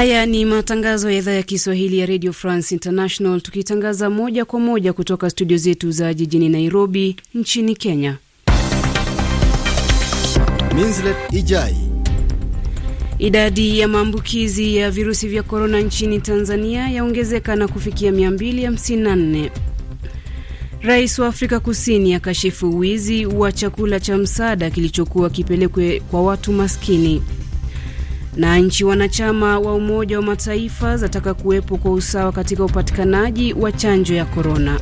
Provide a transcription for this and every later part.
Haya ni matangazo ya idhaa ya Kiswahili ya Radio France International, tukitangaza moja kwa moja kutoka studio zetu za jijini Nairobi nchini Kenya. Minzlet Ijai. Idadi ya maambukizi ya virusi vya korona nchini Tanzania yaongezeka na kufikia 254. Rais wa Afrika Kusini akashifu wizi wa chakula cha msaada kilichokuwa kipelekwe kwa watu maskini. Na nchi wanachama wa Umoja wa Mataifa zataka kuwepo kwa usawa katika upatikanaji wa chanjo ya korona.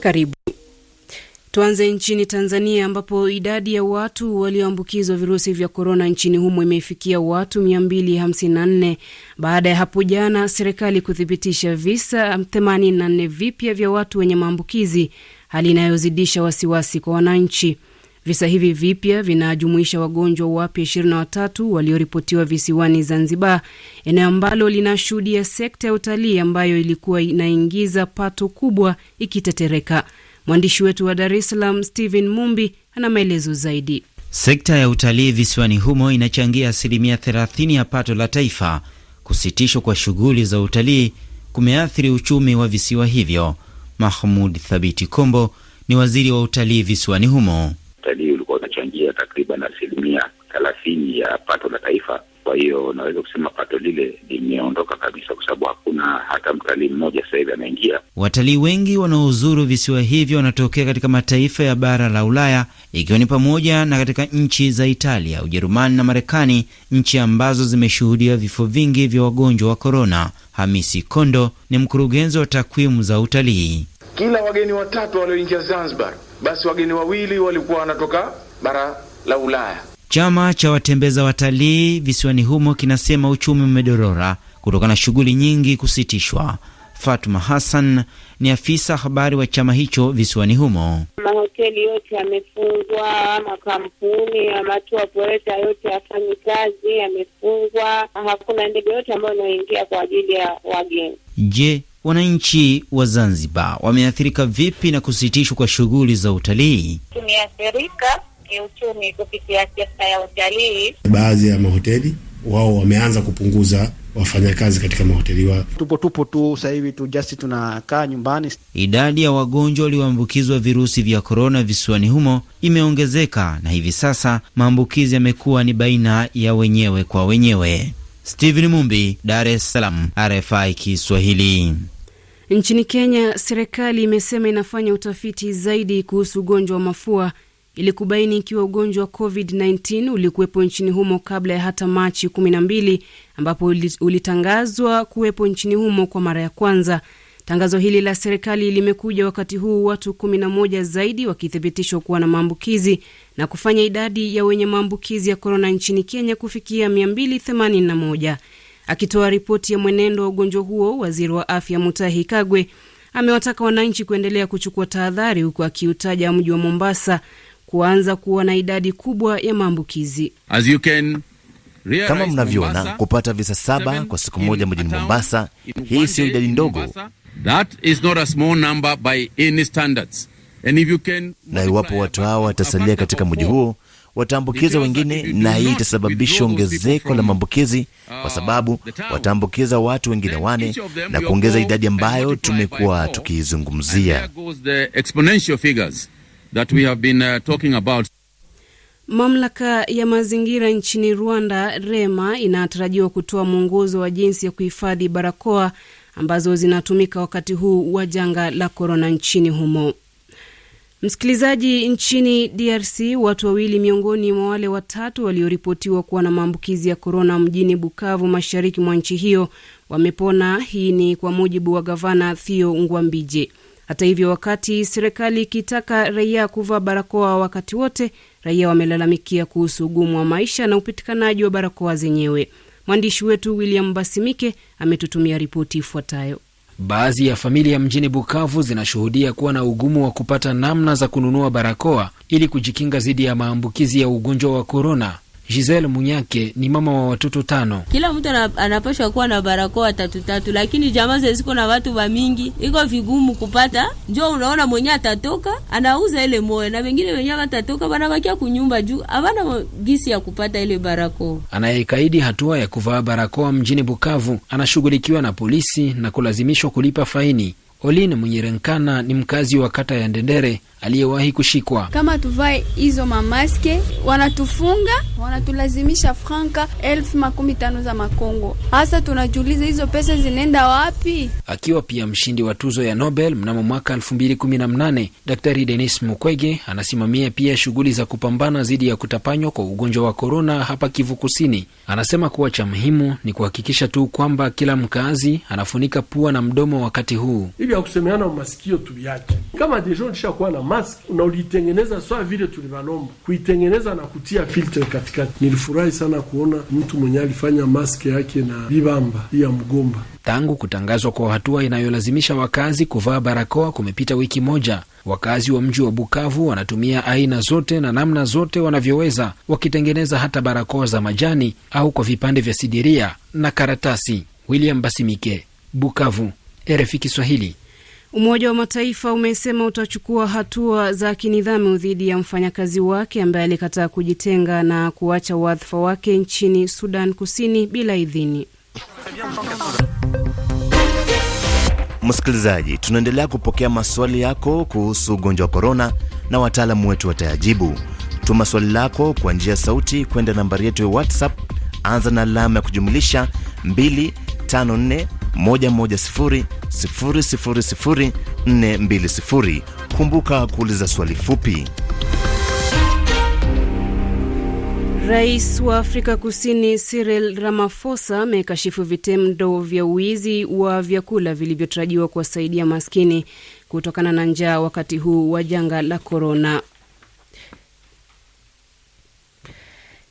Karibu. Tuanze nchini Tanzania ambapo idadi ya watu walioambukizwa virusi vya korona nchini humo imeifikia watu 254 baada ya hapo jana serikali kuthibitisha visa 84 vipya vya watu wenye maambukizi, hali inayozidisha wasiwasi kwa wananchi. Visa hivi vipya vinajumuisha wagonjwa wapya 23 walioripotiwa visiwani Zanzibar, eneo ambalo linashuhudia sekta ya utalii ambayo ilikuwa inaingiza pato kubwa ikitetereka. Mwandishi wetu wa Dar es Salaam Stephen Mumbi ana maelezo zaidi. Sekta ya utalii visiwani humo inachangia asilimia 30 ya pato la taifa. Kusitishwa kwa shughuli za utalii kumeathiri uchumi wa visiwa hivyo. Mahmud Thabiti Kombo ni waziri wa utalii visiwani humo utalii ulikuwa unachangia takriban asilimia thelathini ya pato la taifa. Kwa hiyo unaweza kusema pato lile limeondoka kabisa, kwa sababu hakuna hata mtalii mmoja sasa hivi anaingia. Watalii wengi wanaozuru visiwa hivyo wanatokea katika mataifa ya bara la Ulaya, ikiwa ni pamoja na katika nchi za Italia, Ujerumani na Marekani, nchi ambazo zimeshuhudia vifo vingi vya wagonjwa wa korona. Hamisi Kondo ni mkurugenzi wa takwimu za utalii. Kila wageni watatu walioingia Zanzibar basi wageni wawili walikuwa wanatoka bara la Ulaya. Chama cha watembeza watalii visiwani humo kinasema uchumi umedorora kutokana na shughuli nyingi kusitishwa. Fatuma Hassan ni afisa habari wa chama hicho visiwani humo. Mahoteli yote yamefungwa, makampuni ya matu opereta yote yafanyi kazi, yamefungwa. Hakuna ndege yote ambayo inaoingia kwa ajili ya wageni. Je, Wananchi wa Zanzibar wameathirika vipi na kusitishwa kwa shughuli za utalii? Tumeathirika kiuchumi kupitia sekta ya utalii. Baadhi ya mahoteli wao wameanza kupunguza wafanyakazi katika mahoteli wao. Tupo tupo tu sasa hivi tu just tunakaa nyumbani. Idadi ya wagonjwa walioambukizwa virusi vya korona visiwani humo imeongezeka na hivi sasa maambukizi yamekuwa ni baina ya wenyewe kwa wenyewe. Steven Mumbi, Dar es Salaam, RFI Kiswahili. Nchini Kenya, serikali imesema inafanya utafiti zaidi kuhusu ugonjwa wa mafua ili kubaini ikiwa ugonjwa wa COVID-19 ulikuwepo nchini humo kabla ya hata Machi 12 ambapo ulitangazwa kuwepo nchini humo kwa mara ya kwanza. Tangazo hili la serikali limekuja wakati huu watu 11 zaidi wakithibitishwa kuwa na maambukizi na kufanya idadi ya wenye maambukizi ya korona nchini Kenya kufikia 281. Akitoa ripoti ya mwenendo wa ugonjwa huo, waziri wa afya Mutahi Kagwe amewataka wananchi kuendelea kuchukua tahadhari, huku akiutaja mji wa Mombasa kuanza kuwa na idadi kubwa ya maambukizi. Kama mnavyoona kupata visa saba kwa siku moja mjini Mombasa, hii siyo idadi ndogo. Na iwapo watu hawa watasalia katika mji huo wataambukiza wengine, na hii itasababisha ongezeko la maambukizi, ah, kwa sababu wataambukiza watu wengine wane na kuongeza idadi ambayo tumekuwa tukiizungumzia. Uh, Mamlaka ya mazingira nchini Rwanda, REMA, inatarajiwa kutoa mwongozo wa jinsi ya kuhifadhi barakoa ambazo zinatumika wakati huu wa janga la korona nchini humo. Msikilizaji, nchini DRC watu wawili miongoni mwa wale watatu walioripotiwa kuwa na maambukizi ya korona mjini Bukavu, mashariki mwa nchi hiyo, wamepona. Hii ni kwa mujibu wa gavana thio Ngwambije. Hata hivyo, wakati serikali ikitaka raia kuvaa barakoa wakati wote, raia wamelalamikia kuhusu ugumu wa maisha na upatikanaji wa barakoa zenyewe. Mwandishi wetu William Basimike ametutumia ripoti ifuatayo. Baadhi ya familia mjini Bukavu zinashuhudia kuwa na ugumu wa kupata namna za kununua barakoa ili kujikinga dhidi ya maambukizi ya ugonjwa wa korona. Giselle Munyake ni mama wa watoto tano. Kila mtu anapashwa kuwa na barakoa tatu tatu, lakini jamaa ziko na watu wa mingi, iko vigumu kupata. Njo unaona mwenye atatoka anauza ile moya, na wengine wenye watatoka wanabakia kunyumba juu hawana gisi ya kupata ile barakoa. Anayekaidi hatua ya kuvaa barakoa mjini Bukavu anashughulikiwa na polisi na kulazimishwa kulipa faini. Olin Munyerenkana ni mkazi wa kata ya Ndendere aliyewahi kushikwa. Kama tuvae hizo mamaske, wanatufunga wanatulazimisha franka elfu makumi tano za Makongo. Hasa tunajiuliza hizo pesa zinaenda wapi? Akiwa pia mshindi wa tuzo ya Nobel mnamo mwaka elfu mbili kumi na Daktari Denis Mukwege anasimamia pia shughuli za kupambana dhidi ya kutapanywa kwa ugonjwa wa korona hapa Kivu Kusini. Anasema kuwa cha muhimu ni kuhakikisha tu kwamba kila mkaazi anafunika pua na mdomo wakati huu ili ya kusemeana masikio tuliache. Kama deja nishakuwa na mask na ulitengeneza swa vile tulivalomba kuitengeneza na kutia filter katikati. Nilifurahi sana kuona mtu mwenye alifanya mask yake na bibamba ya mgomba. Tangu kutangazwa kwa hatua inayolazimisha wakazi kuvaa barakoa kumepita wiki moja. Wakazi wa mji wa Bukavu wanatumia aina zote na namna zote wanavyoweza, wakitengeneza hata barakoa za majani au kwa vipande vya sidiria na karatasi. William Basimike, Bukavu. RFI Kiswahili. Umoja wa Mataifa umesema utachukua hatua za kinidhamu dhidi ya mfanyakazi wake ambaye alikataa kujitenga na kuacha wadhifa wake nchini Sudan Kusini bila idhini. Msikilizaji, tunaendelea kupokea maswali yako kuhusu ugonjwa wa korona na wataalamu wetu watayajibu. Tuma swali lako kwa njia sauti kwenda nambari yetu ya WhatsApp, anza na alama ya kujumlisha 254 110 Kumbuka kuuliza swali fupi. Rais wa Afrika Kusini Cyril Ramaphosa amekashifu vitendo vya uwizi wa vyakula vilivyotarajiwa kuwasaidia maskini kutokana na njaa wakati huu wa janga la korona.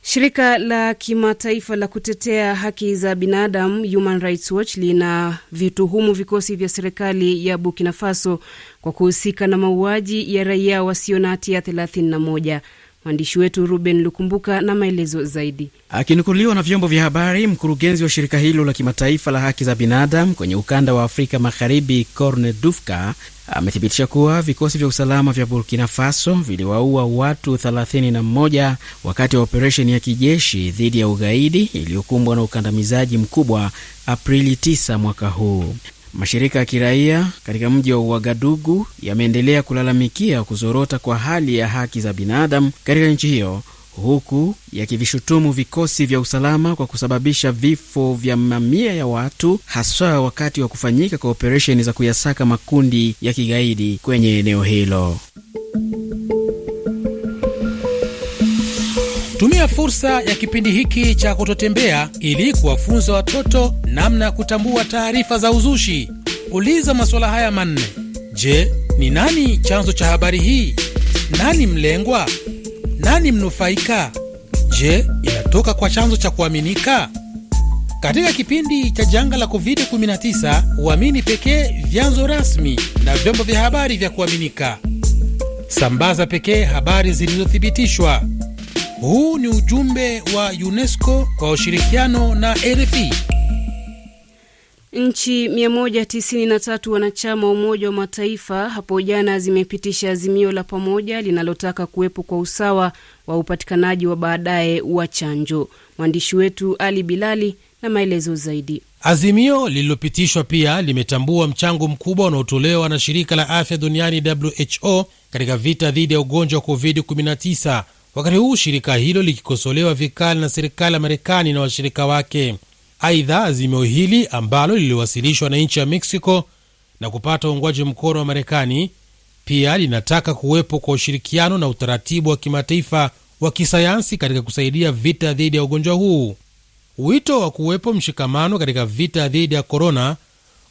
Shirika la kimataifa la kutetea haki za binadamu Human Rights Watch lina vituhumu vikosi vya serikali ya Burkina Faso kwa kuhusika na mauaji ya raia wasio na hatia 31. Mwandishi wetu Ruben Lukumbuka na maelezo zaidi. Akinukuliwa na vyombo vya habari, mkurugenzi wa shirika hilo la kimataifa la haki za binadamu kwenye ukanda wa Afrika Magharibi, Corne Dufka, amethibitisha kuwa vikosi vya usalama vya Burkina Faso viliwaua watu 31 wakati wa operesheni ya kijeshi dhidi ya ugaidi iliyokumbwa na ukandamizaji mkubwa Aprili 9 mwaka huu. Mashirika ya kiraia katika mji wa Uagadugu yameendelea kulalamikia kuzorota kwa hali ya haki za binadamu katika nchi hiyo huku yakivishutumu vikosi vya usalama kwa kusababisha vifo vya mamia ya watu haswa wakati wa kufanyika kwa operesheni za kuyasaka makundi ya kigaidi kwenye eneo hilo. Tumia fursa ya kipindi hiki cha kutotembea ili kuwafunza watoto namna ya kutambua taarifa za uzushi. Uliza masuala haya manne: Je, ni nani chanzo cha habari hii? Nani mlengwa? Nani mnufaika? Je, inatoka kwa chanzo cha kuaminika? Katika kipindi cha janga la COVID-19, huamini pekee vyanzo rasmi na vyombo vya habari vya kuaminika. Sambaza pekee habari zilizothibitishwa. Huu ni ujumbe wa UNESCO kwa ushirikiano na RFI. Nchi 193 wanachama wa Umoja wa Mataifa hapo jana zimepitisha azimio la pamoja linalotaka kuwepo kwa usawa wa upatikanaji wa baadaye wa chanjo. Mwandishi wetu Ali Bilali na maelezo zaidi. Azimio lililopitishwa pia limetambua mchango mkubwa unaotolewa na shirika la afya duniani WHO katika vita dhidi ya ugonjwa wa COVID-19, wakati huu shirika hilo likikosolewa vikali na serikali ya Marekani na washirika wake. Aidha, azimio hili ambalo liliwasilishwa na nchi ya Mexico na kupata uungwaji mkono wa Marekani pia linataka kuwepo kwa ushirikiano na utaratibu wa kimataifa wa kisayansi katika kusaidia vita dhidi ya ugonjwa huu. Wito wa kuwepo mshikamano katika vita dhidi ya korona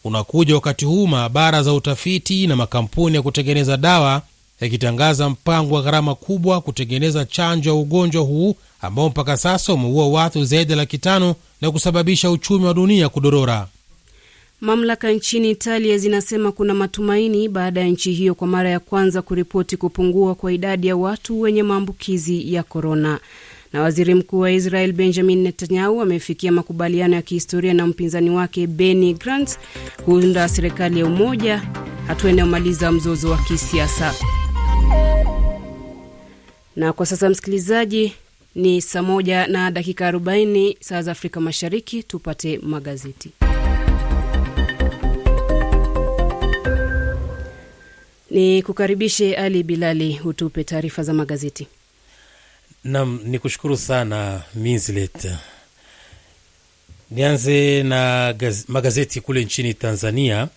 unakuja wakati huu maabara za utafiti na makampuni ya kutengeneza dawa yakitangaza mpango wa gharama kubwa kutengeneza chanjo ya ugonjwa huu ambao mpaka sasa umeua watu zaidi ya laki tano na kusababisha uchumi wa dunia kudorora. Mamlaka nchini Italia zinasema kuna matumaini baada ya nchi hiyo kwa mara ya kwanza kuripoti kupungua kwa idadi ya watu wenye maambukizi ya korona. Na waziri mkuu wa Israel Benjamin Netanyahu amefikia makubaliano ya kihistoria na mpinzani wake Benny Gantz kuunda serikali ya umoja, hatua inayomaliza mzozo wa kisiasa. Na kwa sasa msikilizaji, ni saa moja na dakika 40 saa za Afrika Mashariki. Tupate magazeti. Ni kukaribishe Ali Bilali, hutupe taarifa za magazeti. Nam ni kushukuru sana Minslet. Nianze na gaz, magazeti kule nchini Tanzania.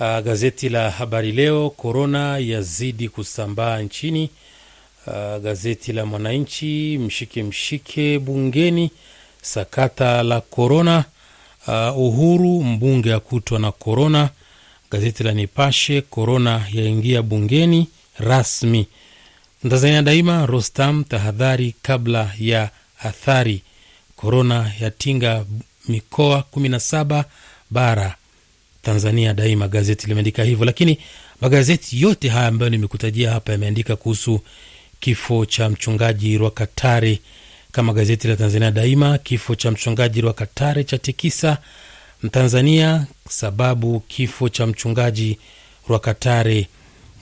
Uh, gazeti la Habari Leo, korona yazidi kusambaa nchini. Uh, gazeti la Mwananchi, mshike mshike bungeni, sakata la korona. Uh, ah, Uhuru, mbunge akutwa na korona. Gazeti la Nipashe, korona yaingia bungeni rasmi. Tanzania Daima, Rostam, tahadhari kabla ya athari. Korona yatinga mikoa 17 bara Tanzania Daima gazeti limeandika hivyo, lakini magazeti yote haya ambayo nimekutajia hapa yameandika kuhusu kifo cha mchungaji Rwakatare, kama gazeti la Tanzania Daima, kifo cha mchungaji Rwakatare cha tikisa Mtanzania, sababu kifo cha mchungaji Rwakatare.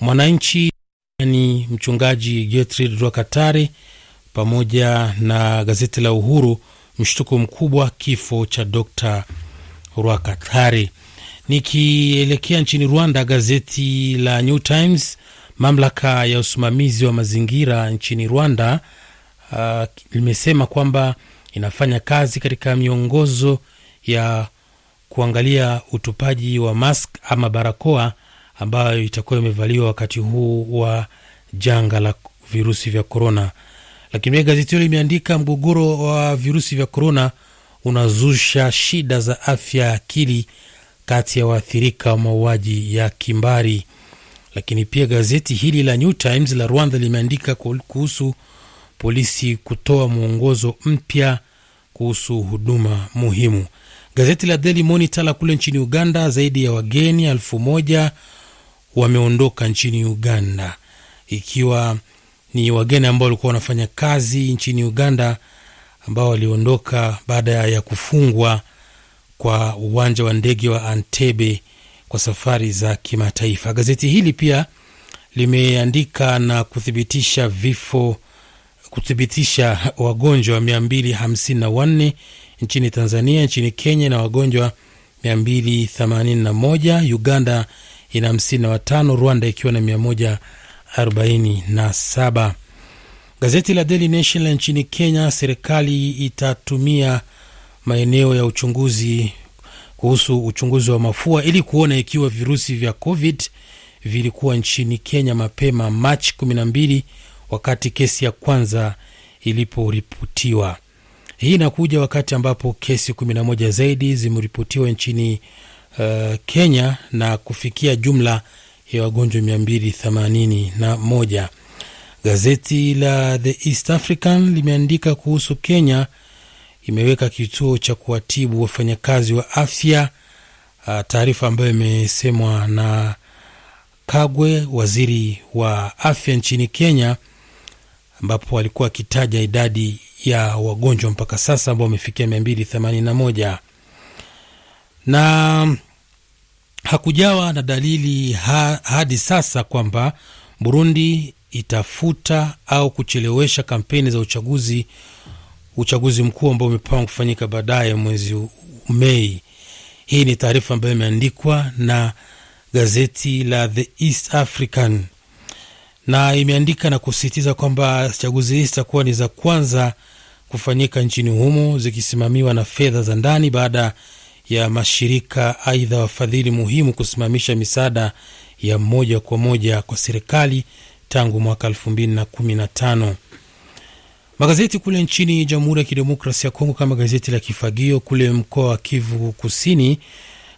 Mwananchi ni mchungaji Gertrude Rwakatare, pamoja na gazeti la Uhuru, mshtuko mkubwa kifo cha Dr Rwakatare. Nikielekea nchini Rwanda, gazeti la New Times, mamlaka ya usimamizi wa mazingira nchini Rwanda uh, limesema kwamba inafanya kazi katika miongozo ya kuangalia utupaji wa mask ama barakoa ambayo itakuwa imevaliwa wakati huu wa janga la virusi vya korona. Lakini pia gazeti hilo limeandika mgogoro wa virusi vya korona unazusha shida za afya ya akili kati ya waathirika wa mauaji ya kimbari. Lakini pia gazeti hili la New Times la Rwanda limeandika kuhusu polisi kutoa mwongozo mpya kuhusu huduma muhimu. Gazeti la Daily Monitor la kule nchini Uganda, zaidi ya wageni elfu moja wameondoka nchini Uganda, ikiwa ni wageni ambao walikuwa wanafanya kazi nchini Uganda ambao waliondoka baada ya kufungwa kwa uwanja wa ndege wa Antebe kwa safari za kimataifa. Gazeti hili pia limeandika na kuthibitisha vifo kuthibitisha wagonjwa 254 nchini Tanzania, nchini Kenya na wagonjwa 281, Uganda ina 55, Rwanda ikiwa na 147. Gazeti la Daily Nation la nchini Kenya, serikali itatumia maeneo ya uchunguzi kuhusu uchunguzi wa mafua ili kuona ikiwa virusi vya COVID vilikuwa nchini Kenya mapema Machi 12 wakati kesi ya kwanza iliporipotiwa. Hii inakuja wakati ambapo kesi 11 zaidi zimeripotiwa nchini uh, Kenya na kufikia jumla ya wagonjwa 281. Gazeti la The East African limeandika kuhusu Kenya imeweka kituo cha kuwatibu wafanyakazi wa afya, uh, taarifa ambayo imesemwa na Kagwe, waziri wa afya nchini Kenya, ambapo alikuwa akitaja idadi ya wagonjwa mpaka sasa ambao wamefikia moja na um, hakujawa na dalili ha, hadi sasa kwamba Burundi itafuta au kuchelewesha kampeni za uchaguzi uchaguzi mkuu ambao umepangwa kufanyika baadaye mwezi Mei. Hii ni taarifa ambayo imeandikwa na gazeti la The East African na imeandika na kusisitiza kwamba chaguzi hizi zitakuwa ni za kwanza kufanyika nchini humo zikisimamiwa na fedha za ndani baada ya mashirika aidha wafadhili muhimu kusimamisha misaada ya moja kwa moja kwa serikali tangu mwaka 2015. Magazeti kule nchini Jamhuri ya Kidemokrasia ya Kongo, kama gazeti la Kifagio kule mkoa wa Kivu Kusini,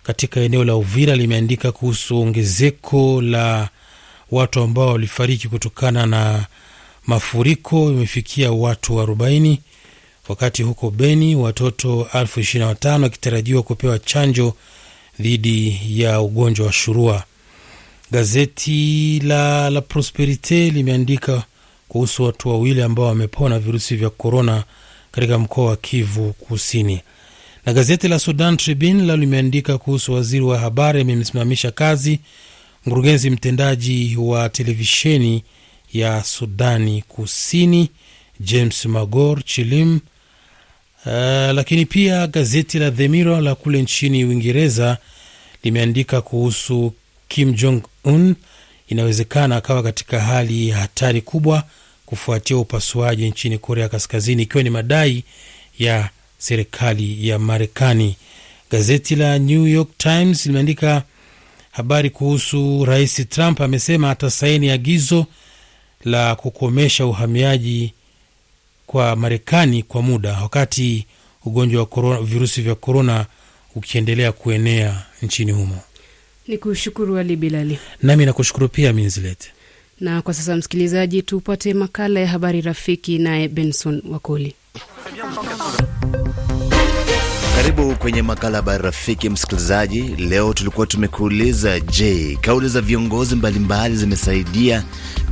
katika eneo la Uvira, limeandika kuhusu ongezeko la watu ambao walifariki kutokana na mafuriko, imefikia watu arobaini wakati huko Beni watoto elfu ishirini na wakitarajiwa kupewa chanjo dhidi ya ugonjwa wa shurua. Gazeti la La Prosperite limeandika kuhusu watu wawili ambao wamepona virusi vya korona katika mkoa wa Kivu Kusini. Na gazeti la Sudan Tribune lao limeandika kuhusu waziri wa habari amemsimamisha kazi mkurugenzi mtendaji wa televisheni ya Sudani Kusini James Magor Chilim. Uh, lakini pia gazeti la The Mirror la kule nchini Uingereza limeandika kuhusu Kim Jong Un, inawezekana akawa katika hali ya hatari kubwa kufuatia upasuaji nchini Korea Kaskazini, ikiwa ni madai ya serikali ya Marekani. Gazeti la New York Times limeandika habari kuhusu Rais Trump amesema atasaini agizo la kukomesha uhamiaji kwa Marekani kwa muda, wakati ugonjwa wa virusi vya korona ukiendelea kuenea nchini humo. Ni kushukuru Ali Bilali, nami nakushukuru pia Minzilete. Na kwa sasa, msikilizaji, tupate makala ya habari rafiki, naye Benson Wakoli. Karibu kwenye makala habari rafiki, msikilizaji. Leo tulikuwa tumekuuliza, je, kauli za viongozi mbalimbali zimesaidia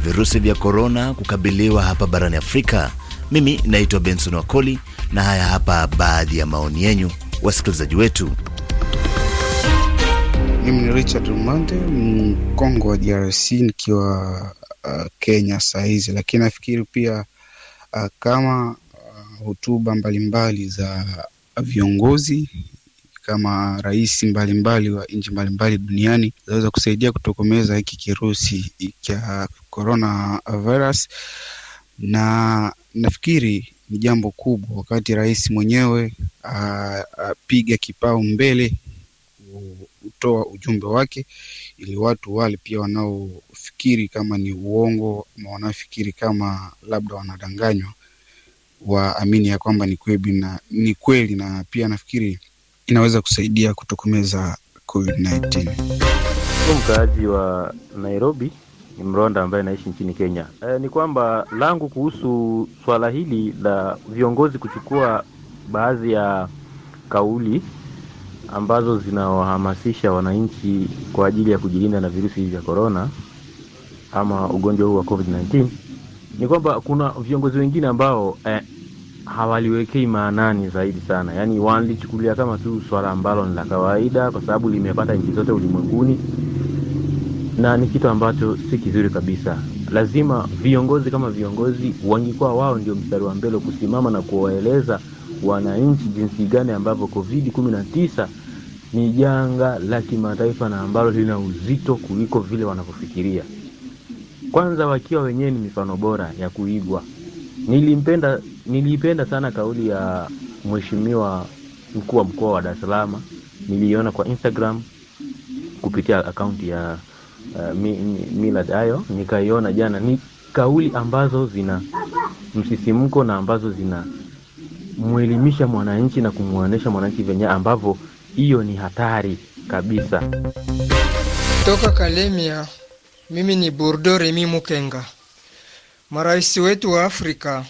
virusi vya korona kukabiliwa hapa barani Afrika? Mimi naitwa Benson Wakoli na haya hapa baadhi ya maoni yenyu, wasikilizaji wetu. Mimi ni Richard Rumande, mkongo wa DRC nikiwa uh, Kenya saa hizi, lakini nafikiri pia uh, kama uh, hotuba mbalimbali za viongozi kama rais mbalimbali wa nchi mbalimbali duniani zaweza kusaidia kutokomeza hiki kirusi cha corona virus, na nafikiri ni jambo kubwa wakati rais mwenyewe apiga uh, uh, kipao mbele kutoa ujumbe wake, ili watu wale pia wanaofikiri kama ni uongo ama wanaofikiri kama labda wanadanganywa waamini ya kwamba ni kweli na ni kweli, na pia nafikiri inaweza kusaidia kutokomeza COVID-19. Mkaaji wa Nairobi ni Mrwanda ambaye anaishi nchini Kenya. E, ni kwamba langu kuhusu swala hili la viongozi kuchukua baadhi ya kauli ambazo zinawahamasisha wananchi kwa ajili ya kujilinda na virusi vya korona ama ugonjwa huu wa COVID-19 ni kwamba kuna viongozi wengine ambao eh, hawaliwekei maanani zaidi sana, yaani walichukulia kama tu swala ambalo ni la kawaida, kwa sababu limepata nchi zote ulimwenguni, na ni kitu ambacho si kizuri kabisa. Lazima viongozi kama viongozi wangekuwa wao ndio mstari wa mbele kusimama na kuwaeleza wananchi jinsi gani ambavyo COVID ni janga la kimataifa na ambalo lina uzito kuliko vile wanavyofikiria. Kwanza wakiwa wenyewe ni mifano bora ya kuigwa. Nilimpenda, niliipenda sana kauli ya mheshimiwa mkuu wa mkoa wa Dar es Salaam. Niliiona kwa Instagram kupitia akaunti ya uh, mi, mi, Millard Ayo, nikaiona jana. Ni kauli ambazo zina msisimko na ambazo zina mwelimisha mwananchi na kumwonyesha mwananchi venye ambavyo hiyo ni hatari kabisa. Toka Kalemia, mimi ni Burdo Remi Mukenga. Marais wetu wa Afrika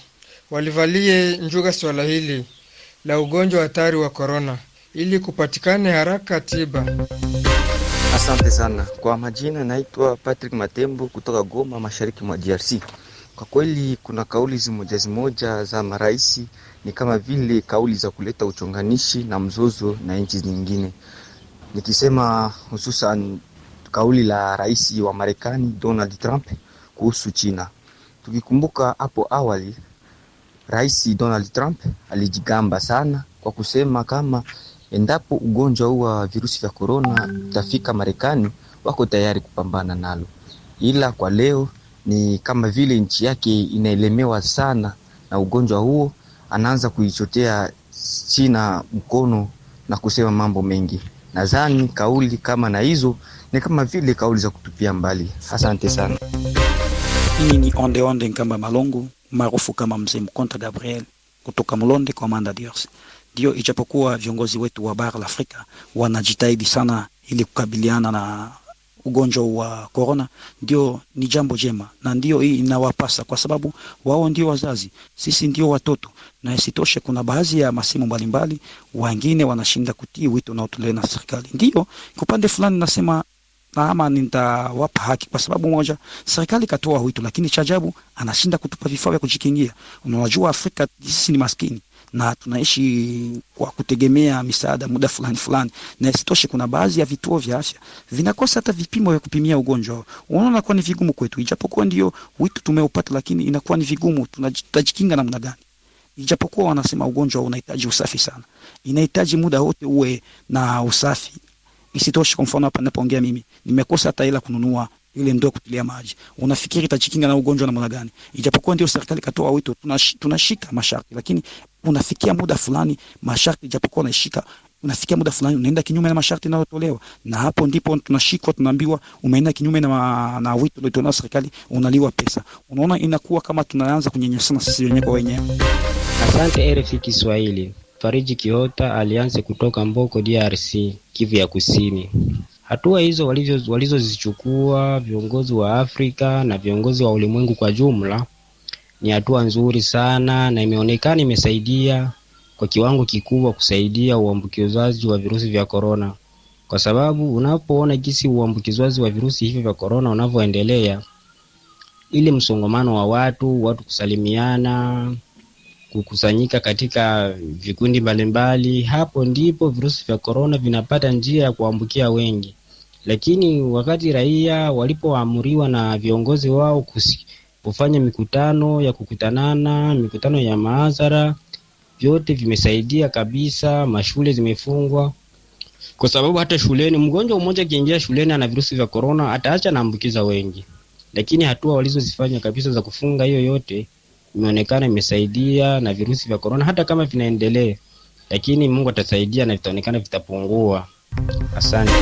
walivalie njuga swala hili la ugonjwa hatari wa korona ili kupatikane haraka tiba. Asante sana kwa majina, naitwa Patrick Matembo kutoka Goma, mashariki mwa DRC. Kwa kweli kuna kauli zimoja zimoja za maraisi ni kama vile kauli za kuleta uchonganishi na mzozo na nchi nyingine, nikisema hususan kauli la rais wa Marekani Donald Trump kuhusu China. Tukikumbuka hapo awali, rais Donald Trump alijigamba sana kwa kusema kama endapo ugonjwa huu wa virusi vya korona utafika Marekani, wako tayari kupambana nalo, ila kwa leo ni kama vile nchi yake inaelemewa sana na ugonjwa huo anaanza kuichotea China mkono na kusema mambo mengi. Nadhani kauli kama na hizo ni kama vile kauli za kutupia mbali. Asante sana. Mimi ni Onde Onde Nkamba Malongo maarufu kama Mzee Mkonta Gabriel kutoka Mlonde kwa Manda Diors. Ndio, ijapokuwa viongozi wetu wa bara la Afrika wanajitahidi sana ili kukabiliana na ugonjwa wa korona, ndio ni jambo jema na ndio hii inawapasa, kwa sababu wao ndio wazazi, sisi ndio watoto. Na isitoshe kuna baadhi ya masimu mbalimbali wengine wanashinda kutii wito unaotolewa na serikali. Ndio kwa upande fulani nasema na ama nitawapa haki kwa sababu moja, serikali katoa wito, lakini cha ajabu anashinda kutupa vifaa vya kujikingia. Unajua Afrika sisi ni maskini na tunaishi kwa kutegemea misaada muda fulani fulani, na isitoshe kuna baadhi ya vituo vya afya vinakosa hata vipimo vya kupimia ugonjwa. Unaona, inakuwa ni vigumu kwetu, ijapokuwa ndio wito tumeupata, lakini inakuwa ni vigumu. Tutajikinga namna gani? Ijapokuwa wanasema ugonjwa unahitaji usafi sana, inahitaji muda wote uwe na usafi. Isitoshe, kwa mfano hapa napoongea mimi nimekosa hata hela kununua ile ndoo kutilia maji, unafikiri itajikinga na ugonjwa namna gani? Ijapokuwa ndio serikali katoa wito, tunashika masharti, lakini unafikia muda fulani masharti, ijapokuwa unashika unafikia muda fulani unaenda kinyume na masharti yanayotolewa, na hapo ndipo tunashikwa, tunaambiwa umeenda kinyume na, na wito uliotolewa serikali, unaliwa pesa. Unaona, inakuwa kama tunaanza kunyenyesana sisi wenyewe kwa wenyewe. Asante RFI Kiswahili. Fariji Kiota alianze kutoka Mboko, DRC, Kivu ya Kusini. Hatua hizo walizozichukua viongozi wa Afrika na viongozi wa ulimwengu kwa jumla ni hatua nzuri sana na imeonekana imesaidia kwa kiwango kikubwa kusaidia uambukizwaji wa virusi vya korona, kwa sababu unapoona jinsi uambukizwaji wa virusi hivyo vya korona unavyoendelea, ile msongamano wa watu, watu kusalimiana kukusanyika katika vikundi mbalimbali, hapo ndipo virusi vya korona vinapata njia ya kuambukia wengi. Lakini wakati raia walipoamuriwa na viongozi wao kusi, kufanya mikutano ya kukutanana, mikutano ya maadhara, vyote vimesaidia kabisa. Mashule zimefungwa kwa sababu hata shuleni, mgonjwa mmoja akiingia shuleni ana virusi vya korona, ataacha naambukiza wengi. Lakini hatua walizozifanya kabisa za kufunga hiyo yote imeonekana imesaidia na virusi vya korona, hata kama vinaendelea, lakini Mungu atasaidia na vitaonekana vitapungua. Asante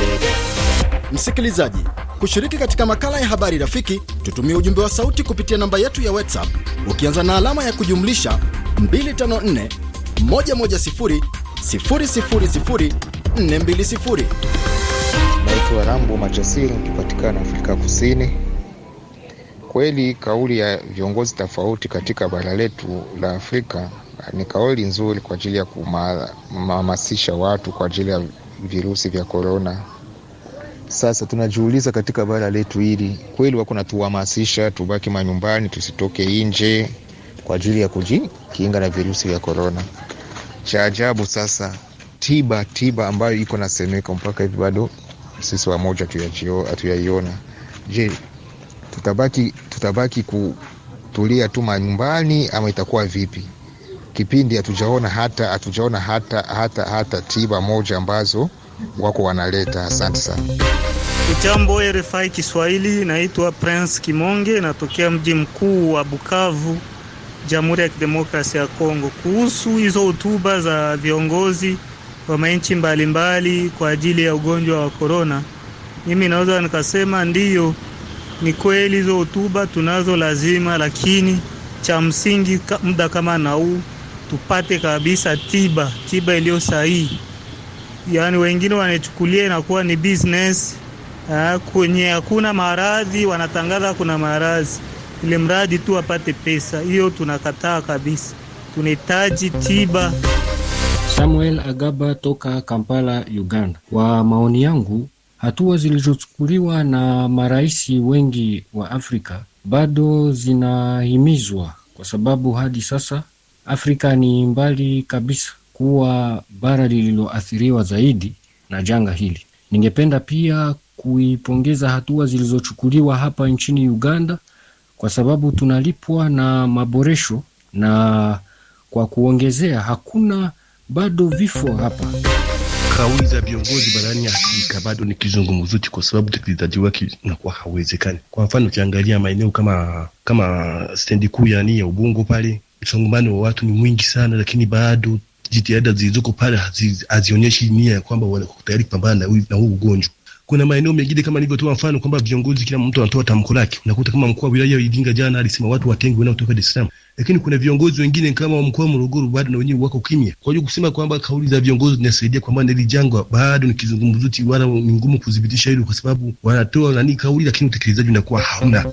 msikilizaji kushiriki katika makala ya habari rafiki. Tutumie ujumbe wa sauti kupitia namba yetu ya WhatsApp ukianza na alama ya kujumlisha 254 110 000 420. Naitwa Rambo Machasiri, nikipatikana Afrika Kusini kweli kauli ya viongozi tofauti katika bara letu la Afrika eh, ni kauli nzuri kwa ajili ya kuhamasisha watu kwa ajili ya virusi vya korona. Sasa tunajiuliza katika bara letu hili kweli wako natuhamasisha tubaki manyumbani, tusitoke nje kwa ajili ya kujikinga na virusi vya korona. Cha ajabu sasa, tiba tiba ambayo iko nasemeka mpaka hivi bado sisi wamoja hatuyaiona. Je, tutabaki, tutabaki kutulia tu manyumbani ama itakuwa vipi? Kipindi hatujaona hata hatujaona hata, hata, hata tiba moja ambazo wako wanaleta. Asante sana. Ujambo RFI Kiswahili, naitwa Prince Kimonge, natokea mji mkuu wa Bukavu, Jamhuri ya Kidemokrasia ya Kongo. Kuhusu hizo hotuba za viongozi wa manchi mbalimbali kwa ajili ya ugonjwa wa korona, mimi naweza nikasema ndiyo ni kweli hizo hotuba tunazo lazima, lakini cha msingi muda kama na huu tupate kabisa tiba, tiba iliyo sahihi. Yaani wengine wanachukulia inakuwa ni business ha, ah, kwenye hakuna maradhi wanatangaza kuna maradhi, ili mradi tu apate pesa. Hiyo tunakataa kabisa, tunahitaji tiba. Samuel Agaba toka Kampala, Uganda. Kwa maoni yangu Hatua zilizochukuliwa na marais wengi wa Afrika bado zinahimizwa kwa sababu hadi sasa Afrika ni mbali kabisa kuwa bara lililoathiriwa zaidi na janga hili. Ningependa pia kuipongeza hatua zilizochukuliwa hapa nchini Uganda kwa sababu tunalipwa na maboresho, na kwa kuongezea, hakuna bado vifo hapa kauli za viongozi barani Afrika bado ni kizungumzuti, kwa sababu utekelezaji wake unakuwa hauwezekani. Kwa mfano, ukiangalia maeneo kama kama stendi kuu yani ya Ubungo pale, msongamano wa watu ni mwingi sana, lakini bado jitihada zilizoko pale hazionyeshi nia ya kwamba wako tayari kupambana na huu ugonjwa. Kuna maeneo mengine kama nilivyotoa mfano kwamba viongozi, kila mtu anatoa tamko lake. Unakuta kama mkuu wa wilaya wa Iringa jana alisema watu watengwe wanaotoka Dar es Salaam, lakini kuna viongozi wengine kama wa mkoa wa Morogoro bado na wenyewe wako kimya. Kwa hiyo kusema kwamba kauli za viongozi zinasaidia kwa maana jangwa bado ni kizungumzuti, wala ni ngumu kudhibitisha hilo, kwa sababu wanatoa nani kauli, lakini utekelezaji unakuwa hauna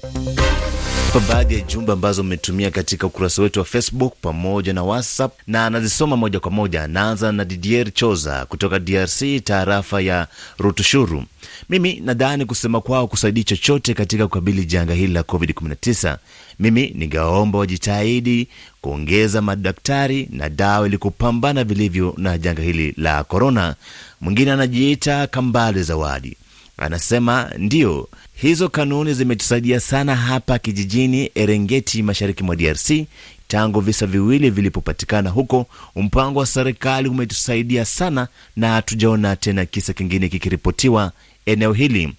kwa baadhi ya jumbe ambazo mmetumia katika ukurasa wetu wa Facebook pamoja na WhatsApp na anazisoma moja kwa moja. Naanza na Didier Choza kutoka DRC, taarafa ya Rutushuru. Mimi nadhani kusema kwao kusaidia chochote katika kukabili janga hili la COVID-19. Mimi ningaomba wajitahidi kuongeza madaktari na dawa ili kupambana vilivyo na janga hili la korona. Mwingine anajiita Kambale Zawadi Anasema ndiyo, hizo kanuni zimetusaidia sana hapa kijijini Erengeti, mashariki mwa DRC. Tangu visa viwili vilipopatikana huko, mpango wa serikali umetusaidia sana, na hatujaona tena kisa kingine kikiripotiwa eneo hili.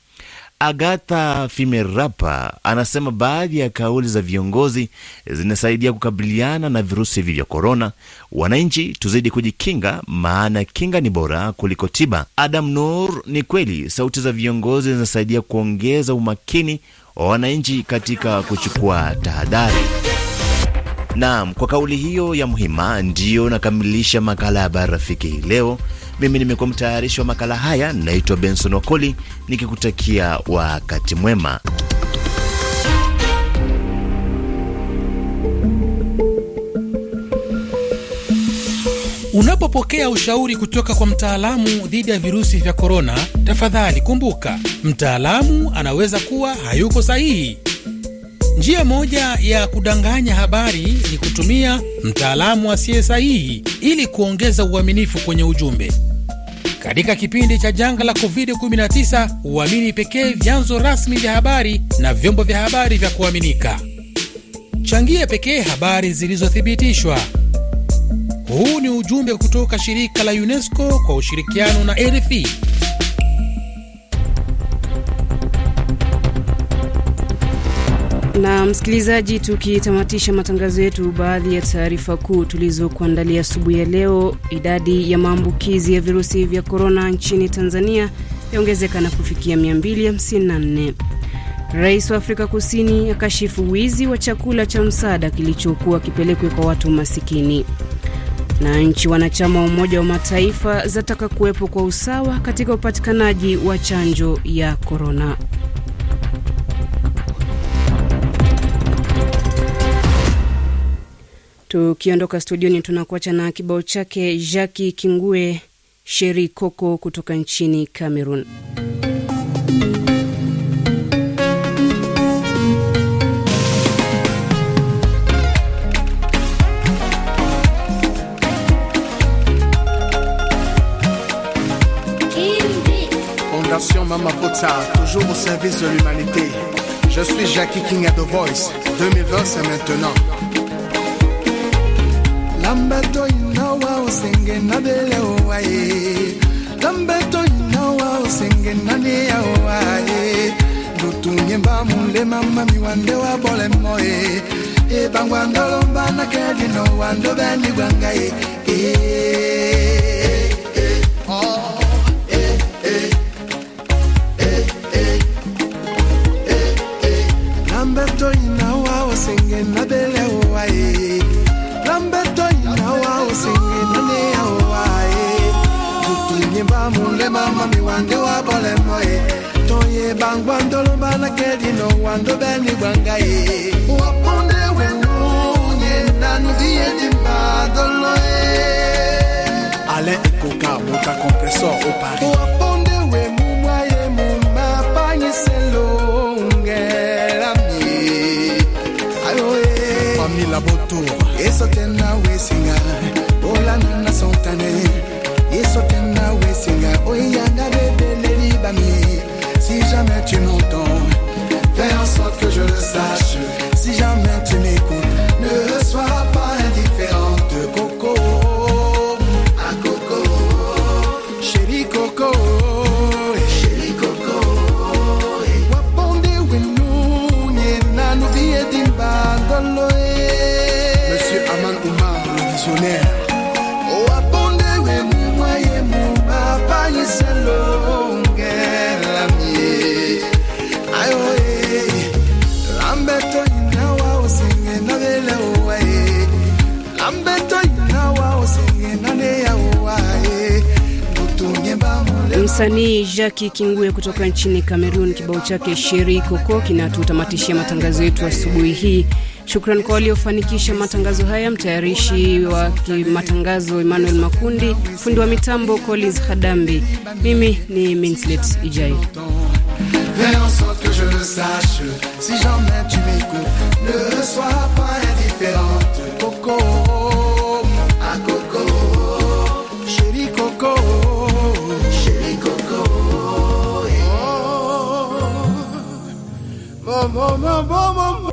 Agatha Fimerapa anasema baadhi ya kauli za viongozi zinasaidia kukabiliana na virusi hivi vya korona. Wananchi tuzidi kujikinga, maana kinga ni bora kuliko tiba. Adam Nur, ni kweli sauti za viongozi zinasaidia kuongeza umakini wa wananchi katika kuchukua tahadhari. Naam, kwa kauli hiyo ya muhima ndiyo nakamilisha makala ya habari rafiki hii leo. Mimi nimekuwa mtayarishi wa makala haya, naitwa Benson Wakoli nikikutakia wakati mwema. Unapopokea ushauri kutoka kwa mtaalamu dhidi ya virusi vya korona, tafadhali kumbuka, mtaalamu anaweza kuwa hayuko sahihi. Njia moja ya kudanganya habari ni kutumia mtaalamu asiye sahihi ili kuongeza uaminifu kwenye ujumbe. Katika kipindi cha janga la COVID-19, uamini pekee vyanzo rasmi vya habari na vyombo vya habari vya kuaminika. Changia pekee habari zilizothibitishwa. Huu ni ujumbe kutoka shirika la UNESCO kwa ushirikiano na RFI. Na msikilizaji, tukitamatisha matangazo yetu, baadhi ya taarifa kuu tulizokuandalia asubuhi ya leo: idadi ya maambukizi ya virusi vya korona nchini Tanzania yaongezeka na kufikia 254. Rais wa Afrika Kusini akashifu wizi wa chakula cha msaada kilichokuwa kipelekwe kwa watu masikini. Na nchi wanachama wa Umoja wa Mataifa zataka kuwepo kwa usawa katika upatikanaji wa chanjo ya korona. Tukiondoka studioni, tunakuacha na kibao chake Jackie Kingue Sheri Koko kutoka nchini Cameroon. Fondation Mama Pota, toujours au service de l'humanité. Je suis Jackie King at The Voice. 2020, c'est maintenant. Lambeto, inawa usenge I was singing a bele owaye. Lambeto, you know I was owaye. Lutunye mba mule mama miwande wande wa bole moye. E bangwandolo mbana kedi no wando beni wangaye. Eh. tunyimba mulema mami wande wabolemo ye toye no wando beni ye wenunye ye ale ekoka kompresor we sontane Si jamais tu m'entends, fais en sorte que je le sache. Si jamais tu m'écoutes, ne sois pas indifférente, Coco. À Coco, chérie Coco. Eh. Chérie Coco. Eh. Monsieur Aman Oumar, le visionnaire. msanii Jackie Kingue kutoka nchini Kamerun. Kibao chake Sheri Koko kinatutamatishia matangazo yetu asubuhi hii. Shukran kwa waliofanikisha matangazo haya, mtayarishi wa matangazo Emmanuel Makundi, fundi wa mitambo Collins Hadambi. Mimi ni Minslet Ijai. mama mama